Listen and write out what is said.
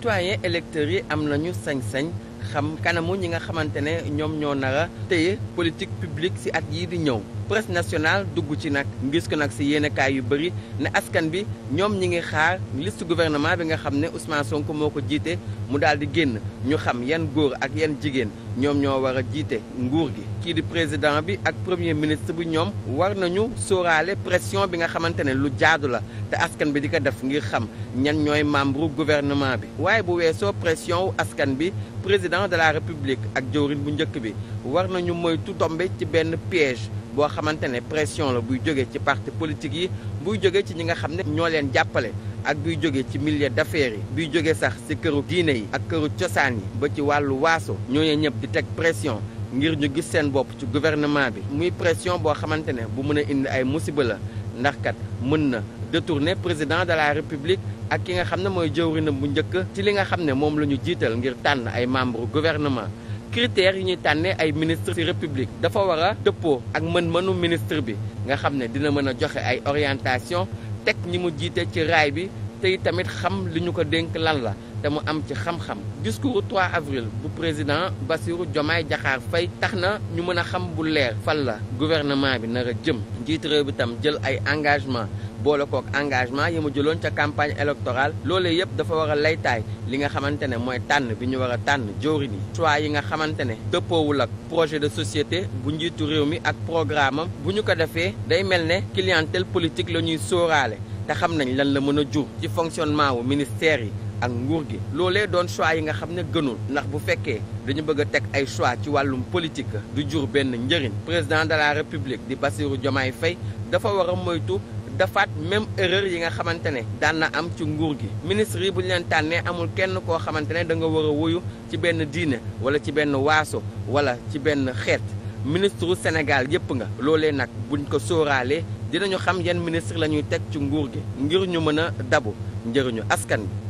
citoyen électeurs yi am nañu sañ-sañ xam kanamu ñi nga xamante ne ñoom ñoo nar a téye politique publique ci at yii di ñëw presse nationale dugg ci nag ngis ko nag ci yéenekaay yu bëri ne askan bi ñoom ñi ngi xaar liste gouvernement bi nga xam ne Ousmane Sonko moo ko jiite mu daal di génn ñu xam yan góor ak yan jigéen ñoom ñoo war a jiite nguur gi kii di président bi ak premier ministre bi ñoom war nañu sóoraale pression bi nga xamante ne lu jaadu la te askan bi di ko def ngir xam ñan ñooy membre gouvernement bi waaye bu weesoo pression askan bi président de la république ak jëwrin bu njëkk bi war na nañu moytu tombe ci benn piège boo xamante ne pression la buy jóge ci parti politique yi buy jóge ci ñi nga xam ne ñoo leen jàppale ak buy jóge ci milieu d'affaires yi buy jóge sax ci këru diine yi ak këru cosaan yi ba ci wàllu waaso ñooñu ñëpp di teg pression ngir ñu gis seen bopp ci gouvernement bi muy pression boo xamante ne bu mën a indi ay musiba la ndax kat mën na détourner président de la république ak ki nga xam ne mooy jëwrinam bu njëkk ci li nga xam ne moom la ñu jiital ngir tànn ay membre gouvernement critères yi ñuy tànnee ay ministre ci république dafa war a dëppoo ak mën-mënu ministre bi nga xam ne dina mën a joxe ay orientation teg ñi mu jiite ci raay bi te tamit xam li ñu ko dénk lan la te mu am ci xam-xam discours 3 avril bu président Bassirou Diomaye jaxaar Faye tax na ñu mën a xam bu leer fan la gouvernement bi nar a jëm njiit réew bi tam jël ay engagement boole kook engagement yi ma jëloon ca campagne électorale loole yëpp dafa war a laytaay li nga xamante ne mooy tànn bi ñu war a tànn jawriñ yi choix yi nga xamante ne dëppoowul ak projet de société bu njiitu réew mi ak programme am bu ñu ko defee day mel ne clientèle politique la ñuy sóoraale te xam nañ lan la mën a jur ci fonctionnement wu ministère yi ak nguur gi loolee doon choix yi nga xam ne gënul ndax bu fekkee dañu bëgg a teg ay choix ci wàllum politique du jur benn njëriñ président de la république di Bassirou Diomaye Faye dafa war a moytu dafaat même erreur yi nga xamante ne daan na am ci nguur gi ministre yi bu ñu leen tànnee amul kenn koo xamante ne da nga war a wuyu ci benn diine wala ci benn waaso wala ci benn xeet ministre Sénégal yëpp nga loolee nag buñ ko sóoraalee dinañu xam yenn ministre la ñuy teg ci nguur gi ngir ñu mën a dabu njëriñu askan bi